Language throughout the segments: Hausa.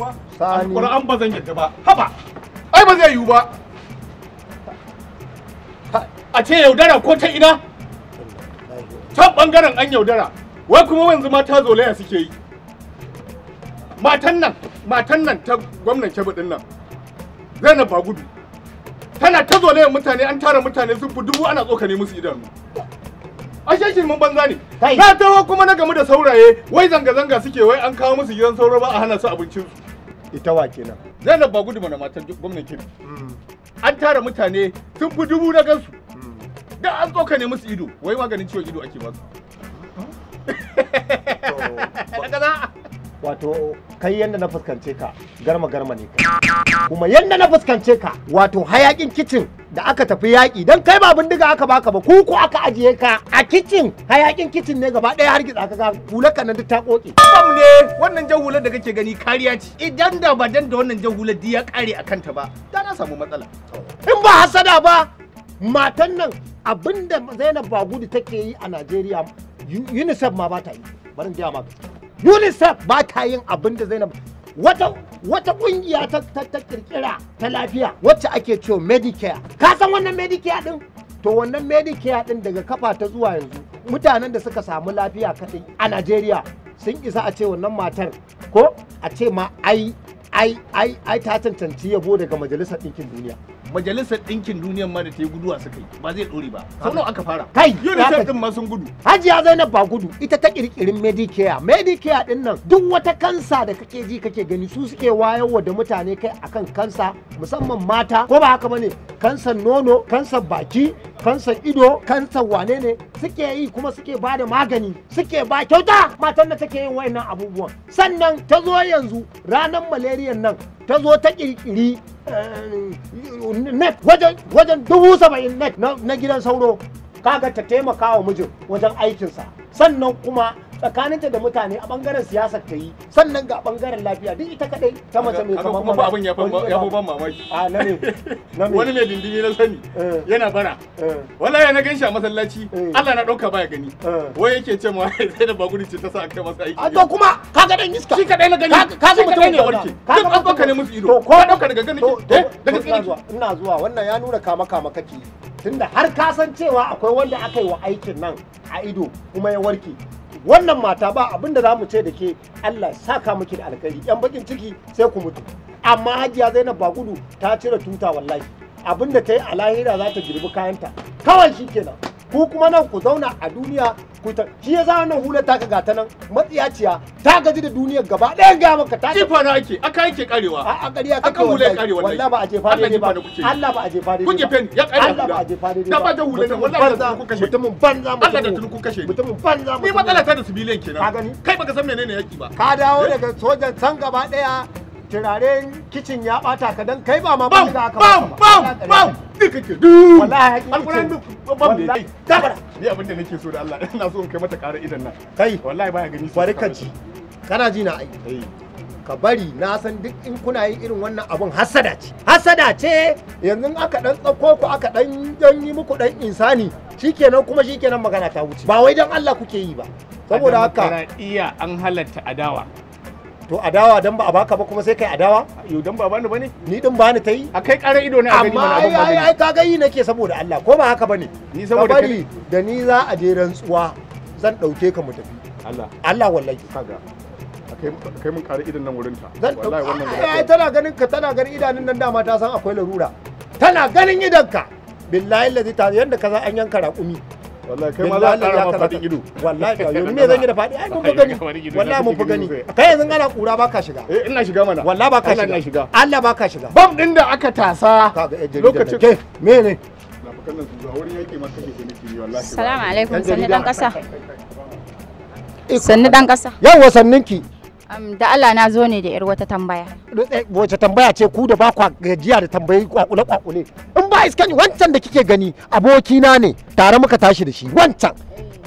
kuwa sani alquran ba zan yadda ba haba ai ba zai yiwu ba a ce yaudara ko ta ina can bangaren an yaudara wai kuma yanzu mata zolaya suke yi matan nan matan nan ta gwamnan kebbi nan zainab ba gudu tana ta zolayen mutane an tara mutane sun fi dubu ana tsokane musu idanu ashe shi mun banza ne na taho kuma na gamu da sauraye wai zanga-zanga suke wai an kawo musu gidan sauro ba a hana su abincinsu ita wa kenan zainab ba gudu mana matan gwamnan kebbi mm. an tara mutane sun fi dubu na gansu mm. da an tsoka ne musu ido wai maganin ciwon ido ake basu wato kai yadda na fuskance ka garma garma ne ka kuma yadda na fuskance ka wato hayakin kicin da aka tafi yaƙi don kai ba bindiga aka baka ba kuku aka ajiye ka a kicin hayakin kicin ne gaba ɗaya har gida ka hular ka nan duk ta koke. Kam ne wannan jan hular da kake gani kariya ce idan da ba dan da wannan jan hular ya kare a kanta ba da na samu matsala. In ba hasada ba matan nan abinda Zainab Bagudu take yi a Najeriya UNICEF ma ba ta yi. Barin gaya UNICEF ba ta yin abinda Zainab wata wata kungiya ta kirkira ta lafiya wacce ake cewa medicare ka san wannan medicare din to wannan medicare din daga kafa ta zuwa yanzu mutanen da suka samu lafiya kaɗai a najeriya sun isa a ce wannan matar ko a ce ma ai ai ai ai ta tantance yabo daga majalisar ɗinkin duniya majalisar ɗinkin duniya ma da ta yi guduwa suka yi ba zai ɗore ba sau nawa aka fara kai unicef din ma sun gudu hajiya zainab ba gudu ita ta kirkirin medicare medicare din nan duk wata kansa da kake ji kake gani su suke wayarwa da mutane kai akan kansa musamman mata ko ba haka bane kansan nono kansan baki kansan ido kansan wane ne suke yi kuma suke ba da magani suke ba kyauta matan da take yin wayannan abubuwan sannan ta zo yanzu ranar malaria nan ta zo ta kirkiri eh, net wajen dubu saba'in net na gidan sauro kaga ta taimaka wa mijin wajen aikinsa sannan kuma tsakaninta da mutane a bangaren siyasa ta yi sannan ga bangaren lafiya duk ita kadai ta mace mai kamar kuma abin ya fi ban mamaki a na ne wani mai dindini na sani eh. yana bara eh. wallahi na ganshi a masallaci eh. Allah na dauka baya gani wai yake ce ma sai da baguri ce ta sa aka masa aiki a to kuma kaga dan iska shi kadai na gani kaga mutum ne warke duk an dauka ne musu ido ko dauka daga gani eh daga gani ina zuwa wannan ya nuna kama kama kake tunda har ka san cewa akwai wanda aka yi wa aikin nan a ido kuma ya warke wannan mata ba abin da za mu ce da ke Allah saka miki da alkhairi yan bakin ciki sai ku mutu amma hajiya zainab gudu ta cire tuta wallahi abin da ta yi a lahira za ta girbi kayanta kawai shi kenan ku kuma nan ku zauna a duniya kuita shi yasa wannan hular ta ga ta nan matsiyaciya ta gaji da duniyar gaba ɗayan ga maka ta jefa na ake aka yake karewa a a k'a aka hular karewa wallahi ba a fare ne ba Allah ba a fare ne kun je ni ya kare Allah ba a je fare da ba da hular ne wallahi ba ku kashe mutumin banza mu Allah da turku kashe mutumin banza mu ni matsala ta da sibiliyan kenan ka gani kai baka san menene yaki ba ka dawo eh? daga sojan san gaba ɗaya turaren kicin ya bata ka dan kai ba ma ba ka ba ba duk kake duk wallahi alƙur'ani duk babban da dabara ni abin da nake so da Allah ina so in kai mata ƙara idan nan kai wallahi baya gani bari ka ji kana ji na ai ka bari na san duk in kuna yin irin wannan abun hasada ce hasada ce yanzu aka dan tsakko ku aka dan yi muku dan insani shikenan kuma shikenan magana ta wuce ba wai dan Allah kuke yi ba saboda haka iya an halatta adawa to adawa dan ba a baka ba kuma sai kai adawa yo dan ba bani bane ni din bani tai a kai ƙara ido ne a gani mana abun ba amma ai ka ga yi nake saboda Allah ko ba haka bane ni saboda kai da ni za a je rantsuwa zan dauke ka mu tafi Allah Allah wallahi kaga kai mun ƙara idan nan wurin ta wallahi wannan ai tana ganin ka tana ganin idanun nan dama ta san akwai larura tana ganin idan ka billahi lazi ta yanda kaza an yanka raƙumi wallahi kai ma za ka ƙara faɗin ido wallahi ka yanzu me zan yi da faɗi ai mun fi gani wallahi mun fi gani kai yanzu ana ƙura ba ka shiga eh ina shiga mana wallahi ba ka shiga Allah ba ka shiga bam din da aka tasa lokacin ke me ne salamu alaikum sanni dan kasa. sanni dan ƙasa eh, yawa sanninki da Allah na zo ne da 'yar wata tambaya eh, wace tambaya ce ku da ba kwa gajiya da tambayi kwakule kwakule ba iskan wancan da kike gani abokina ne tare muka tashi da shi wancan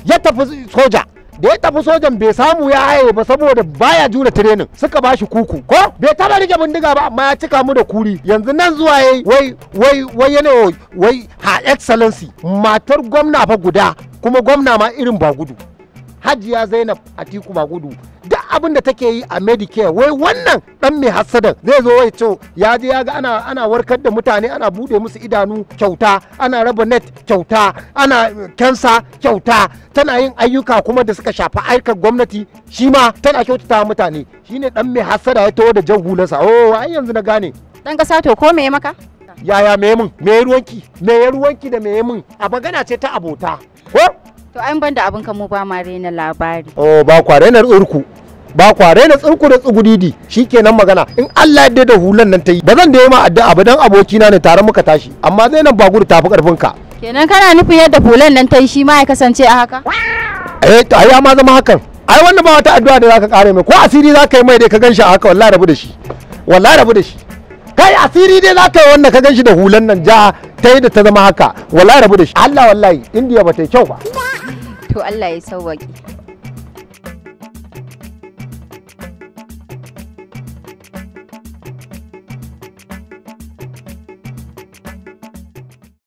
ya tafi soja da ya tafi sojan bai samu ya haye ba saboda baya jura tirenin suka ba shi kuku ko bai taba rike bindiga ba amma ya cika mu da kuri yanzu nan zuwa yayi wai wai wai yana wai ha excellency matar gwamna fa guda kuma gwamna ma irin ba gudu hajiya zainab atiku ba gudu abin da take yi a medicare wai wannan dan mai hasadan zai zo wai to ya je ya ga ana ana warkar da mutane ana bude musu idanu kyauta ana raba net kyauta ana kansa eh, kyauta tana yin ayyuka kuma da suka shafi aikar gwamnati shi ma tana kyautata mutane shine dan mai hasada ya tawo da jan hulansa oh ai yanzu na gane dan kasa to ko me maka yaya me mun me ruwanki me ruwanki da me mun a magana ce ta abota ko To an banda abin ka mu ba ma rena labari. Oh ba kwa rena urku. ba kwa raina tsurku da tsugudidi shikenan magana in Allah yadda da hulan nan ta yi ba zan da ma addu'a ba dan abokina ne tare muka tashi amma Zainab ba gudu tafi karfin ka kenan kana nufin yadda hulan nan ta yi shi ma ya kasance a haka eh to ai ma zama hakan ai wannan ba wata addu'a da zaka kare mai ko asiri zaka yi mai dai ka ganshi a haka wallahi rabu da shi wallahi rabu da shi kai asiri dai zaka yi wannan ka ganshi da hulan nan ja ta yi da ta zama haka wallahi rabu da shi Allah wallahi indiya ba ta yi kyau ba to Allah ya sauwaki